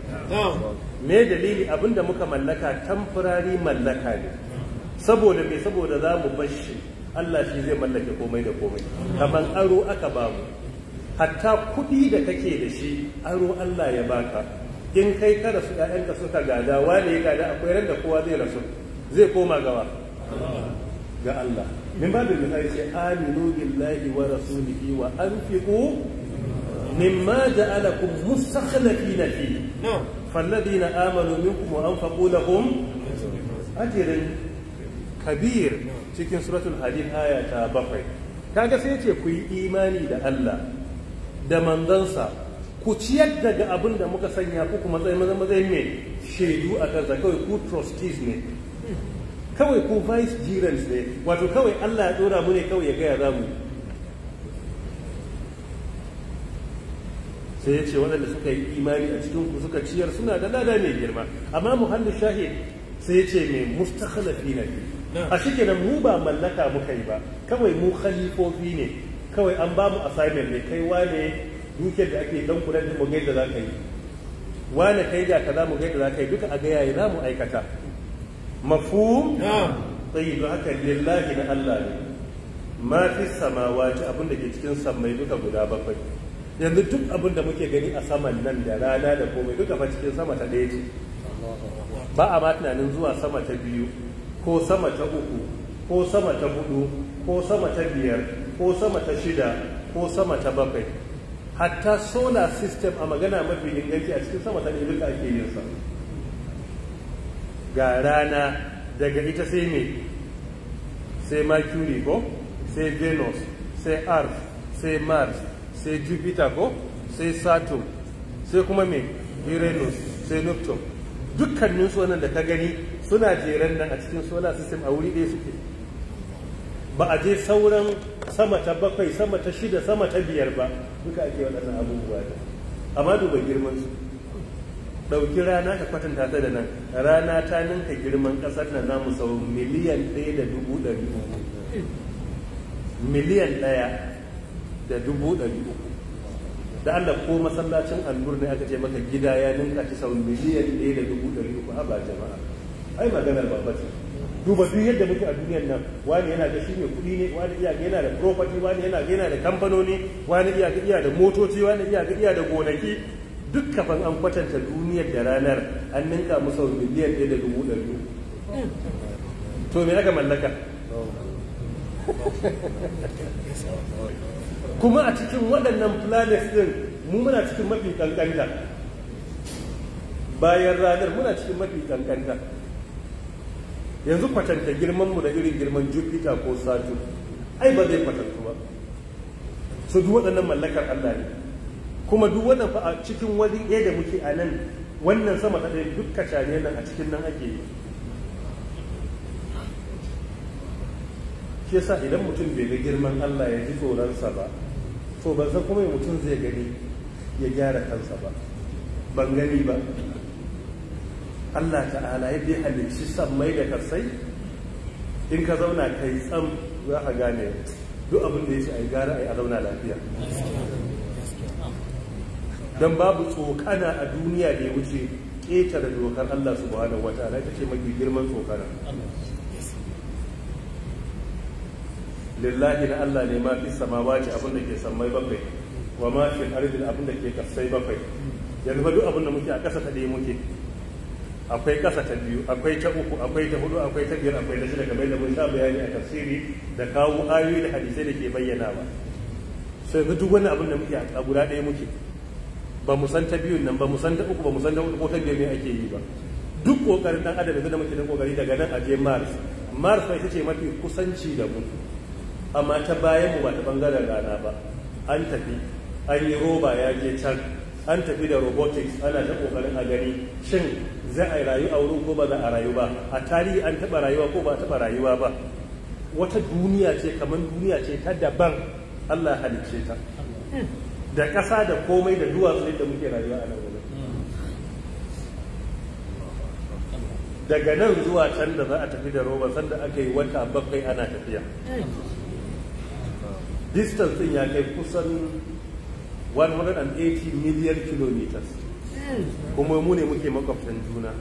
me dalili abinda muka mallaka tamfurari mallaka ne saboda me saboda za mu bashi Allah shi zai mallake komai da komai kamar aro aka bamu hatta kuɗi da kake da shi aro Allah ya baka in kai ka rasu ƴaƴanka suka gada wane ya gada akwai ran da kowa zai rasu zai koma gawa ga Allah min babu misali ce aminu billahi wa rasulihi wa anfiqu مما جعلكم مستخلفين فيه فالذين آمنوا منكم وأنفقوا لهم أجرا kabir cikin suratul hadid aya ta bakwai kaga sai ce ku yi imani da Allah da manzansa ku ciyar daga abin da muka sanya ku kuma matsayin matsayin ne shaidu a kansa kawai ku trustees ne kawai ku vice gerents ne wato kawai Allah ya dora mu ne kawai ya gaya za mu sai ya ce waɗanda suka yi imani a cikin ku suka ciyar suna da lada mai girma amma muhallin shahid sai ce mai mustakhalafi na biyu a shi mu ba mallaka muka yi ba kawai mu khalifofi ne kawai an ba mu assignment ne kai wane dukiyar da ake dan kudan mu ga yadda za ka yi wane kai da kaza mu ga yadda za ka yi duka a ga yayi za mu aikata mafhum tayyib haka lillahi na Allah ne ma fi samawati abin da ke cikin sammai duka guda bakwai yanzu duk abin da muke gani a saman nan da rana da komai duka fa cikin sama ta ɗaya ce ba a ma tunanin zuwa sama ta biyu ko sama ta uku ko sama ta hudu ko sama ta biyar ko sama ta shida ko sama ta bakwai hatta solar system a magana mafi inganci a cikin sama ta ne duka ake yin sa ga rana daga ita sai me sai mercury ko sai venus sai earth sai mars sai jupiter ko sai saturn sai kuma me uranus sai neptune dukkanin su da ta gani suna jeren nan a cikin solar system a wuri ɗaya suke ba a je sauran sama ta bakwai sama ta shida sama ta biyar ba duka ake waɗannan abubuwa da amma duba girman su ɗauki rana ka kwatanta ta da nan rana ta ninka girman ƙasar na namu sau miliyan ɗaya da dubu ɗari uku miliyan ɗaya da dubu ɗari uku da Allah ko masallacin annur ne aka ce maka gida ya ninka ci sau miliyan ɗaya da dubu ɗari uku a ba jama'a ai maganar babba ce duba duk yadda muke a duniyar nan wani yana da shi ne kuɗi ne wani iya ga yana da property wani yana ga yana da kamfanoni wani iya ga iya da motoci wani iya ga iya da gonaki duk kafan an kwatanta duniyar da ranar an ninka musu miliyan ɗaya da dubu ɗari to me aka mallaka kuma a cikin waɗannan planets ɗin mu muna cikin mafi kankanta. bayan ranar muna cikin mafi kankanta. yanzu kwatanta girmanmu da irin girman jupiter ko saturn ai ba zai kwatantu ba su duk waɗannan mallakar allah ne kuma duk waɗannan fa a cikin wani ɗaya da muke a nan wannan sama ta ɗaya duk kacare nan a cikin nan ake yi shi yasa idan mutum bai ga girman allah ya ji tsoronsa ba to ban san kuma mutum zai gani ya gyara kansa ba ban gani ba Allah ta'ala ya fi halicci sammai da karsai. in ka zauna kai tsam za ka gane duk abin da ya ce a yi gara a yi a zauna lafiya don babu tsokana a duniya da ya wuce ƙetare dokar Allah subhanahu wa ta'ala ita ce mafi girman tsokana lillahi na Allah ne ma fi wace abin da ke sammai bakwai wa ma fi abin da ke karsai bakwai yanzu ba duk abin da muke a ƙasa ta ɗaya muke akwai ƙasa ta biyu akwai ta uku akwai ta hudu akwai ta biyar akwai ta shida kamar da mun sha bayani a tafsiri da kawo ayoyi da hadisai da ke bayyana ba sai ga duk wani abin da muke a guda ɗaya muke ba mu san ta biyun nan ba mu san ta uku ba mu san ta hudu ko ta biyar ne ake yi ba duk kokarin dan adam da muke da kokari daga nan a je mars mars ita ce mafi kusanci da mu amma ta bayan mu ba ta bangaren rana ba an tafi an yi roba ya je can an tafi da robotics ana ta kokarin a gani shin za a rayu a wurin ko ba za a rayu ba a tarihi an taɓa rayuwa ko ba a taɓa rayuwa ba wata duniya ce kamar duniya ce ta daban Allah halicce ta da ƙasa da komai da duwatsu da muke rayuwa a nan daga nan zuwa can da za a tafi da roba sanda aka yi wata bakwai ana tafiya distance din ya kai kusan 180 million kilometers kuma mu ne muke makwabtan juna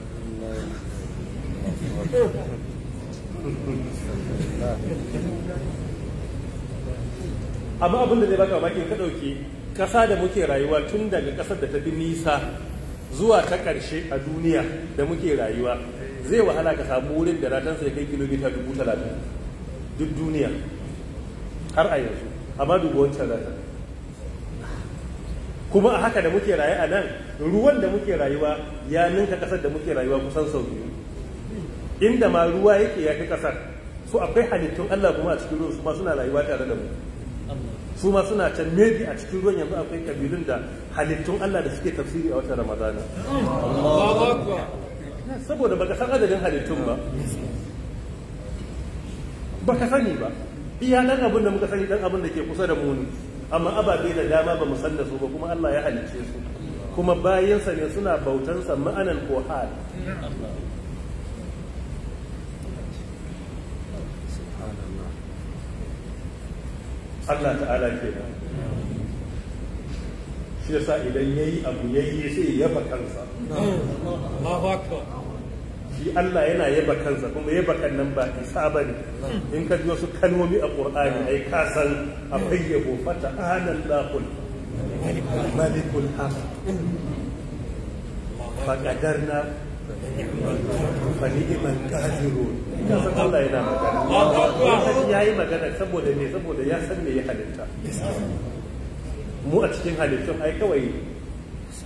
amma abinda zai baka mamakin ka ɗauki ƙasa da muke rayuwa tun daga ƙasar da ta fi nisa zuwa ta ƙarshe a duniya da muke rayuwa zai wahala ka samu wurin da ratan ya kai kilomita dubu talatin duk duniya har a yanzu amma dubu wancan ratan kuma a haka da muke raye a nan ruwan da muke rayuwa ya ninka kasar da muke rayuwa kusan sau biyu inda ma ruwa yake ya fi kasar su akwai halittun Allah kuma a cikin ruwan su ma suna rayuwa tare da mu su ma suna can maybe a cikin ruwan yanzu akwai kabilun da halittun Allah da suke tafsiri a watan Ramadana saboda baka san adadin halittun ba baka sani ba iya dan abin da muka sani dan abin da ke kusa da mu amma ababe da dama ba mu san da su ba kuma Allah ya halicce su kuma bayansa ne suna bautansa ma'anan ko hal Allah ta'ala ke da shi yasa idan yayi abu yi sai ya yaba kansa shi Allah yana yaba kansa kuma yaba kan nan ba isa ne in ka ji wasu kalmomi a ƙur'ani ai ka san akwai yabo fata anan lahul ملك الحق فقدرنا فنعم القادرون ina san Allah yana magana ya yi magana saboda ne saboda ya san me ya halitta mu a cikin halittun ai kawai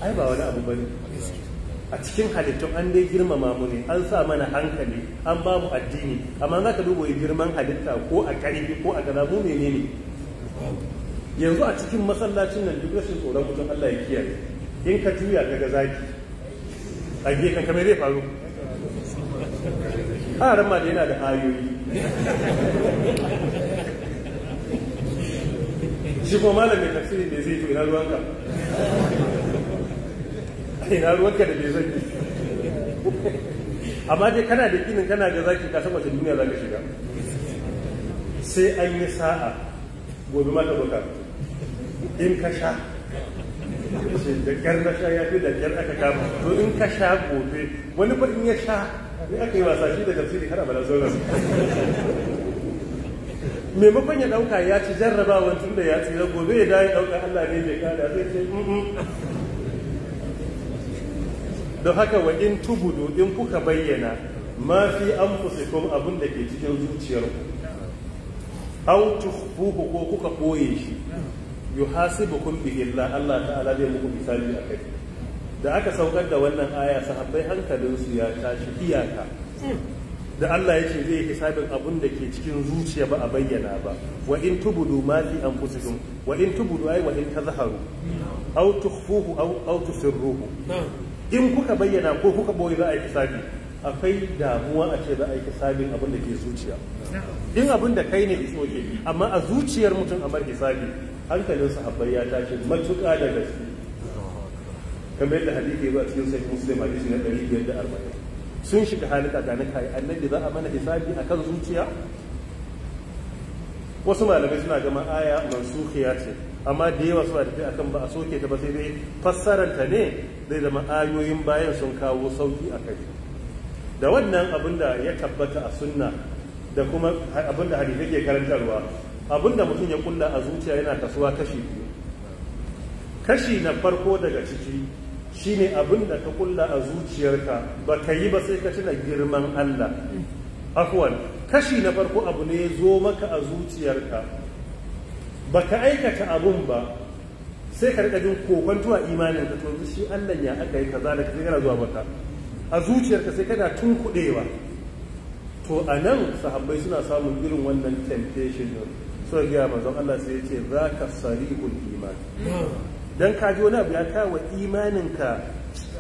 ai ba wani abu bane a cikin halittun an dai girmama mu ne an sa mana hankali an ba mu addini amma za ka duba girman halitta ko a ƙarfi ko a kaza mu menene yanzu a cikin masallacin nan duk rashin tsoron mutum Allah ya kiyaye in ka juya daga zaki a gefen kamar zai faru ran ma da yana da ayoyi shi kuma malamin tafsiri ne zai to ina ruwanka ina ruwanka da bai zaki amma dai kana da ginin kana ga zaki ka san wace duniya za ka shiga sai an yi sa'a gobe ma ka in ka sha da gar na sha ya fi da gar aka kama to in ka sha gobe wani ba in ya sha ne aka yi wasa shi da tafsiri har abada zo nasu maimakon ya dauka ya ci jarrabawa tun da ya tsira gobe ya dawo ya dauka Allah ne mai kada zai ce don haka wa in tubudu in kuka bayyana ma fi anfusikum abin da ke cikin zuciyarku au tukhfuhu ko kuka koye shi yuhasibukum bihi Allah Allah ta'ala zai muku misali akai da aka saukar da wannan aya sahabbai hankalin su ya tashi iyaka da Allah ya ce zai hisabin abun da ke cikin zuciya ba a bayyana ba wa in tubudu ma fi anfusikum wa in tubudu ay wa in tazharu aw tukhfuhu aw aw tusirruhu in kuka bayyana ko kuka boye za a hisabi akwai damuwa a ce za a yi hisabin abin da ke zuciya in abin da kai ne iso ke amma a zuciyar mutum a mar hisabi hankalin sahabbai ya tashi matuƙa da gaske kamar yadda hadisi ba a cikin sai muslim na ɗari biyar da arba'in sun shiga halin tsakanin kai annabi za a mana hisabi akan zuciya wasu malamai suna gama aya mansukhiya ce amma da yawa suna tafi akan ba a soke ta ba sai dai fassaranta ne zai zama ayoyin bayan sun kawo sauki a kai da wannan abin da ya tabbata a sunna da kuma abin da hadisi ke karantarwa abin da mutum ya kulla a zuciya yana kasuwa kashi biyu kashi na farko daga ciki shine abin da ka kulla a zuciyarka ba ka yi ba sai ka tuna girman Allah afwan kashi na farko abu ne zo maka a zuciyarka ba ka aikata abun ba sai ka rika jin kokon tuwa imanin ka to shi Allah ya aka yi kaza da kaza zuwa maka a zuciyarka sai kana tun kuɗewa to a nan sahabbai suna samun irin wannan temptation din so ga manzon Allah sai ya ce za ka sarihul iman dan ka ji wani abu ya kawo imaninka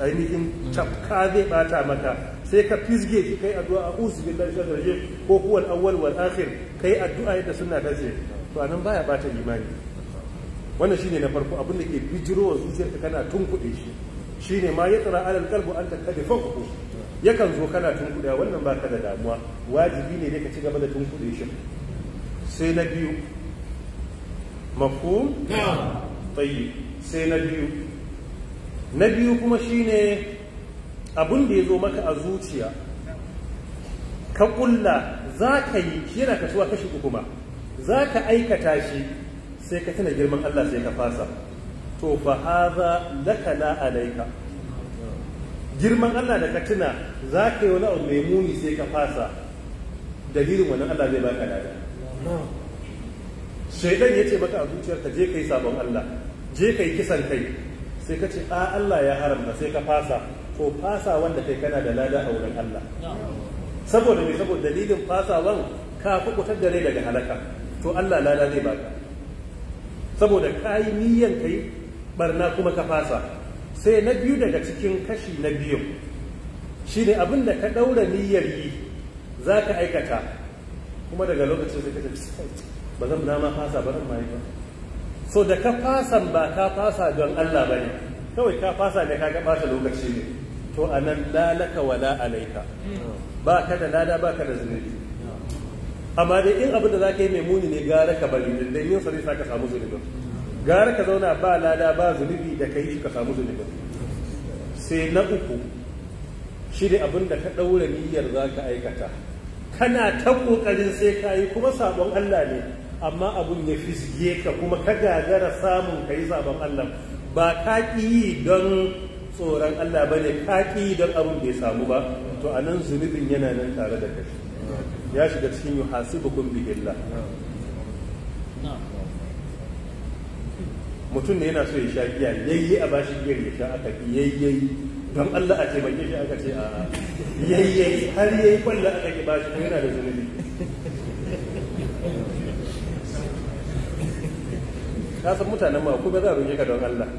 ainihin tafka zai bata maka sai ka fisge shi kai addu'a a usu billahi shaitan ko kuwa awwal wal akhir kai addu'a yadda suna ta ce to anan baya bata imani wannan shine na farko abin da ke bijirowa zuciyarka kana tunkuɗe shi Shi ne ma ya tsara alal kalbu an takkadifa ku yakan zo kana kuɗa wannan ba ka da damuwa wajibi ne dai ka ci gaba da tunkuɗe shi sai na biyu mafhum tayyib sai na biyu na biyu kuma shine abin da ya zo maka a zuciya ka ƙulla za ka yi shi yana kasuwa kashi uku ma za ka aikata shi sai ka tuna girman Allah sai ka fasa to fa haza laka la alaika girman Allah da ka tuna za ka yi wani abu mai muni sai ka fasa dalilin wannan Allah zai baka lada shaidan ya ce maka a ka je ka yi sabon Allah je ka yi kisan kai sai ka ce a Allah ya haramta sai ka fasa to fasa wanda kai kana da lada a wurin Allah saboda me saboda dalilin fasawan ka kukutar da rai daga halaka to Allah lada zai baka saboda ka yi niyyan kai barna kuma ka fasa sai na biyu daga cikin kashi na biyu shine abin da ka ɗaura niyyar yi za ka aikata kuma daga lokacin sai ka ce ba zan ma fasa ba zan ma so da ka fasa ba ka fasa don Allah ba ne kawai ka fasa ne ka gaba ta lokaci ne to a nan lalaka wala alaika ba ka da lada ba ka da zunubi amma dai in abin da za ka yi mai muni ne gara ka bari da yin sa zai sa ka samu zunubi gara ka zauna ba lada ba zunubi da kai ka samu zunubin sai na uku shi ne abin da ka ɗaura niyyar za ka aikata kana ta ƙoƙarin sai ka yi kuma sabon Allah ne amma abun ya fisge ka kuma ka gagara samun ka yi sabon Allah ba ka ƙi don tsoron Allah ba ne ka ƙi don abin bai samu ba to a nan zunubin yana nan tare da kai ya shiga cikin yuhasibukum bihillah mutum ne yana so ya sha giya yayi a bashi giyar ya sha aka yayyayi don Allah a taimake shi aka ce a yayyayi har yayi kwalla aka ki bashi ko yana da zunubi ka san mutanen ma ku ba za roke ka don Allah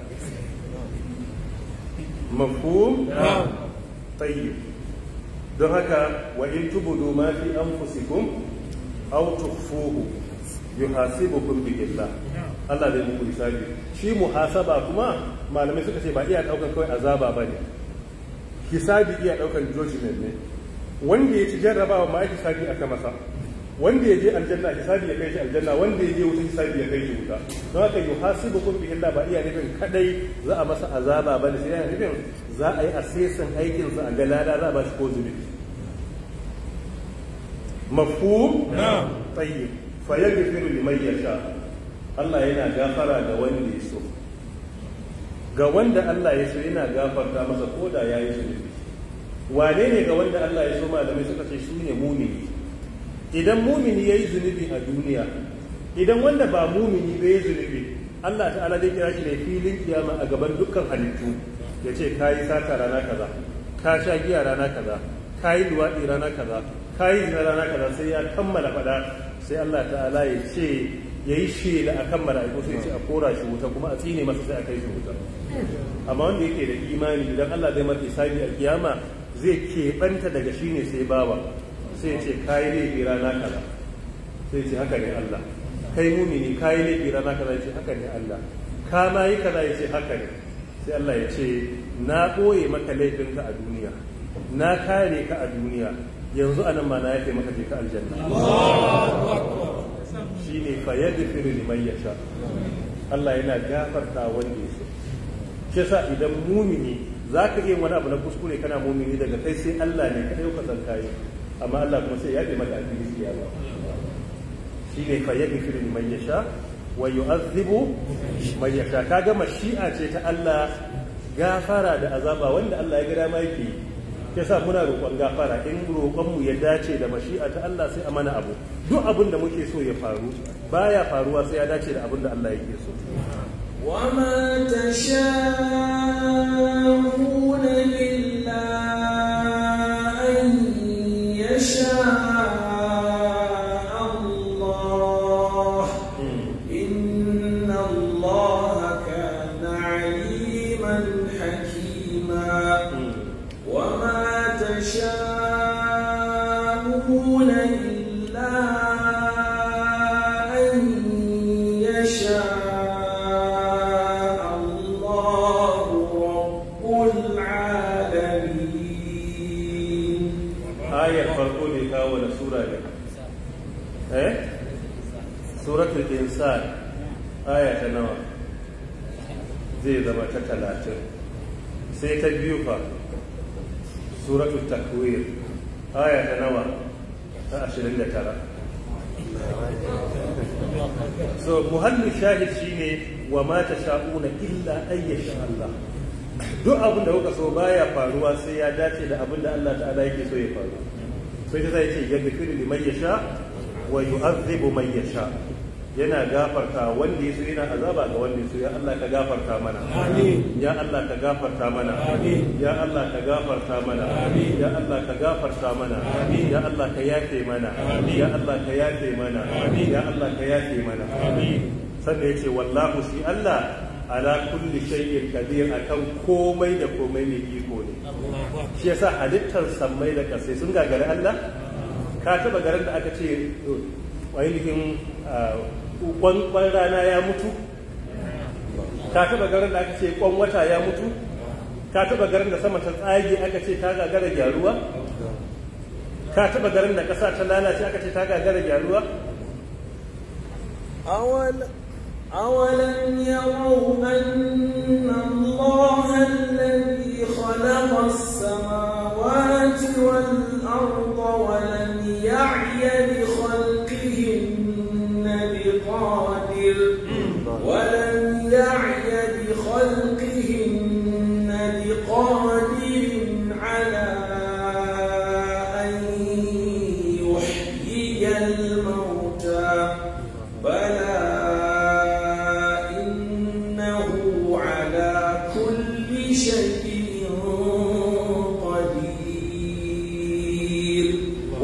mafhum tayyib don haka wa in tubudu ma fi anfusikum aw tukhfuhu yuhasibukum bihi Allah Allah zai muku hisabi shi muhasaba kuma malamai suka ce ba iya daukan kawai azaba ba ne hisabi iya daukan judgment ne wanda ya ci jarrabawa ma sabi aka masa wanda ya je aljanna hisabi ya kai shi aljanna wanda ya je wuta hisabi ya kai shi wuta don haka hasibu kun bi illa ba iya nufin kadai za a masa azaba ba ne sai yana nufin za a yi asesin aikin sa a ga lada za a ba shi ko zubi mafhum na'am tayyib fa yaghfiru liman yasha Allah yana gafara ga wanda ya so ga wanda Allah ya so yana gafarta masa koda ya yi zunubi wane ne ga wanda Allah ya so malamai suka ce shi ne mumini idan mumini ya yi zunubi a duniya idan wanda ba mumini ba ya zunubi Allah ta'ala zai kira shi ne filin kiyama a gaban dukkan halittu ya ce ka yi sata rana kaza ka sha giya rana kaza ka yi luwaɗi rana kaza ka yi zina rana kaza sai ya kammala faɗa sai Allah ta'ala ya ce ya yi shela a kan mala'iku sai ce a kora shi wuta kuma a tsine masa sai a kai shi wuta amma wanda yake da imani idan Allah zai mar hisabi a kiyama zai keɓanta daga shi ne sai bawa sai ce kayi bi rana kaza sai ce haka ne Allah kai mumini kayi bi rana kaza ce haka ne Allah ka ma yi kaza ya ce haka ne sai Allah ya ce na ɓoye maka laifinka a duniya na kare ka a duniya yanzu anan ma na yafe maka je ka aljanna shine fa yadfiru mai yasha Allah yana gafarta wanda ya so shi yasa idan mumini zaka iya wani abu na kuskure kana mumini daga kai sai Allah ne ka yau san kai amma Allah kuma sai ya bi maka alheri shi ne fa yadfiru mai yasha wa azibu man yasha kaga mashi'a ce ta Allah gafara da azaba wanda Allah ya gida dama yake yi yasa muna roƙon gafara in roƙonmu ya dace da mashi'a ta Allah sai a mana abu duk abin da muke so ya faru baya faruwa sai ya dace da abin da Allah yake so وما suratul insan aya ta nawa zai zama ta talatin sai ta biyu fa suratul takwir aya ta nawa ta ashirin da tara so muhallin shahid shine wa ma ta sha'una illa ayyasha Allah duk abin da kuka so baya faruwa sai ya dace da abin da Allah ta'ala yake so ya faru sai ta zai ce ya gafiri liman yasha wa yu'adhibu man yasha yana gafarta wanda ya so yana azaba ga wanda ya so ya Allah ka gafarta mana ya Allah ka gafarta mana ya Allah ka gafarta mana ya Allah ka gafarta mana ya Allah ka yafe mana ya Allah ka yafe mana ya Allah ka yafe mana sannan ya ce wallahu shi Allah ala kulli shay'in kadir akan komai da komai mai iko ne shi yasa halittar sammai da kasai sun gagari Allah ka taba garin da aka ce ainihin uh, kwan rana ya mutu ka taba garin da aka ce kwan wata ya mutu ka taba garin da sama ta tsage aka ce ta gagara gyaruwa ka taba garin da kasa ta lalace aka ce ta gagara gyaruwa awal أولم يروا أن الله الذي خلق السماوات والأرض ولم يعي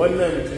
One minute.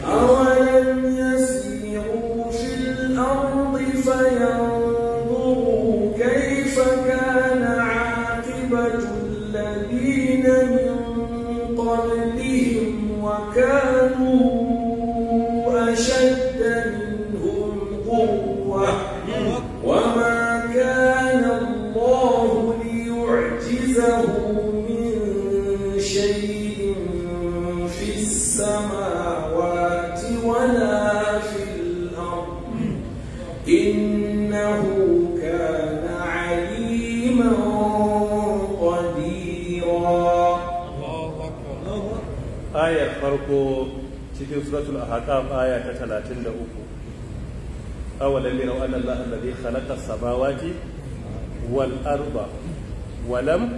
ahqaf aya ta 33 awalam yaraw anna allaha alladhi khalaqa as-samawati wal arda ولم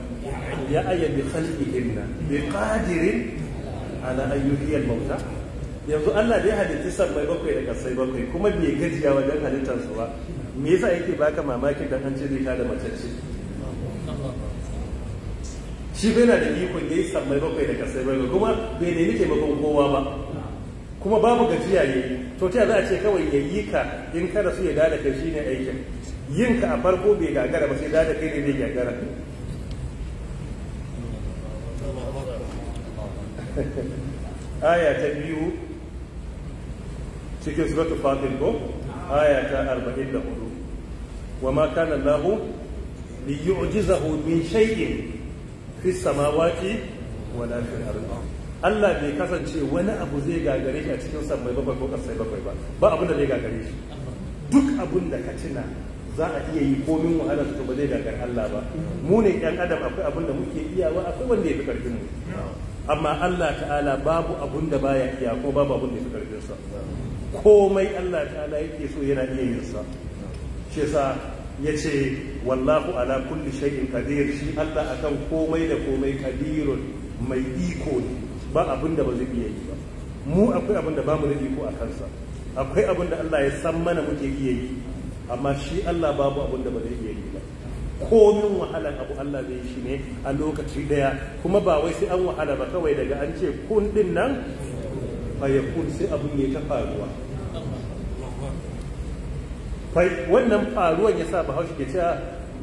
يأي بخلقهن بقادر على أن يحيي الموتى yanzu Allah da ya halitta sammai bakwai daga sai bakwai kuma bai gajiya wajen halittar su ba me yasa yake baka mamaki dan an ce zai da macece shi bai na da ikon yayi sammai bakwai daga sai bakwai kuma bai nemi taimakon kowa ba kuma babu gajiya yayi to ta za a ce kawai ya yi ka in kada su ya dada kai shi ne aikin yin ka a farko bai gagara ba sai dada kai ne bai gagara aya ta biyu cikin suratul fatir ko aya ta arba'in da hudu. wa ma kana lahu liyu'jizahu min shay'in fi samawati wala fil ardi Allah bai kasance wani abu zai gagare shi a cikin mai bakwai ko kasai bakwai ba ba abin da zai gagare shi duk abin da ka tuna za a iya yi komin wahala su ba zai gagari Allah ba mu ne ɗan adam akwai abin da muke iyawa akwai wanda ya fi karfin mu amma Allah ta'ala babu abin da baya iya ko babu abin da ya fi karfin sa komai Allah ta'ala yake so yana iya yin sa shi yasa yace wallahu ala kulli shay'in qadir shi Allah akan komai da komai kadirun mai iko ne ba abin da ba zai iya yi ba mu akwai abin da ba mu da iko a kansa akwai abin da Allah ya san mana muke iya yi amma shi Allah babu abin da ba zai iya yi ba komin wahalar abu Allah zai shi ne a lokaci daya kuma ba wai sai an wahala ba kawai daga an ce kun din nan fa kun sai abin ne ta faruwa wannan faruwan ya sa haushi ke cewa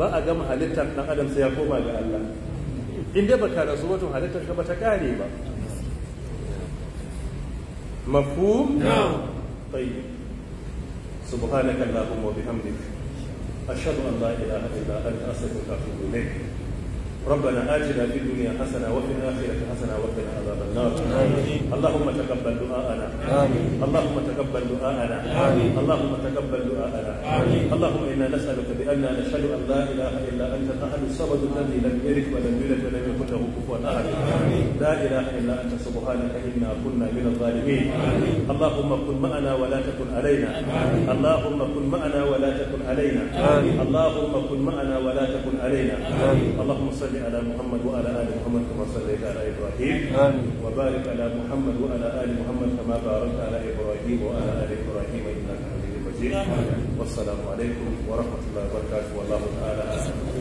ba a gama halittar ɗan adam sai ya koma ga Allah inda ba baka rasu wato halittar ka ba ta kare ba مفهوم نعم طيب سبحانك اللهم وبحمدك أشهد أن لا إله إلا أنت أستغفرك وأتوب إليك ربنا آتنا في الدنيا حسنة وفي الآخرة حسنة وقنا عذاب النار آمين اللهم تقبل دعاءنا آمين اللهم تقبل دعاءنا آمين اللهم تقبل دعاءنا آمين اللهم إنا نسألك بأننا نشهد أن لا إله إلا أنت الأحد الصمد الذي لم يلد ولم يولد ولم يكن anta ghufuwan ahad la ilaha illa anta subhanaka inna kunna min adh-dhalimin allahumma kun ma'ana wa la takun alayna allahumma kun ma'ana wa takun alayna allahumma kun ma'ana wa takun alayna allahumma salli ala muhammad wa ala ali muhammad kama sallaita ala ibrahim wa ala muhammad wa ala ali muhammad kama barakta ala ibrahim wa ala ali ibrahim innaka حميد مجيد والسلام عليكم ورحمه الله وبركاته والله تعالى اعلم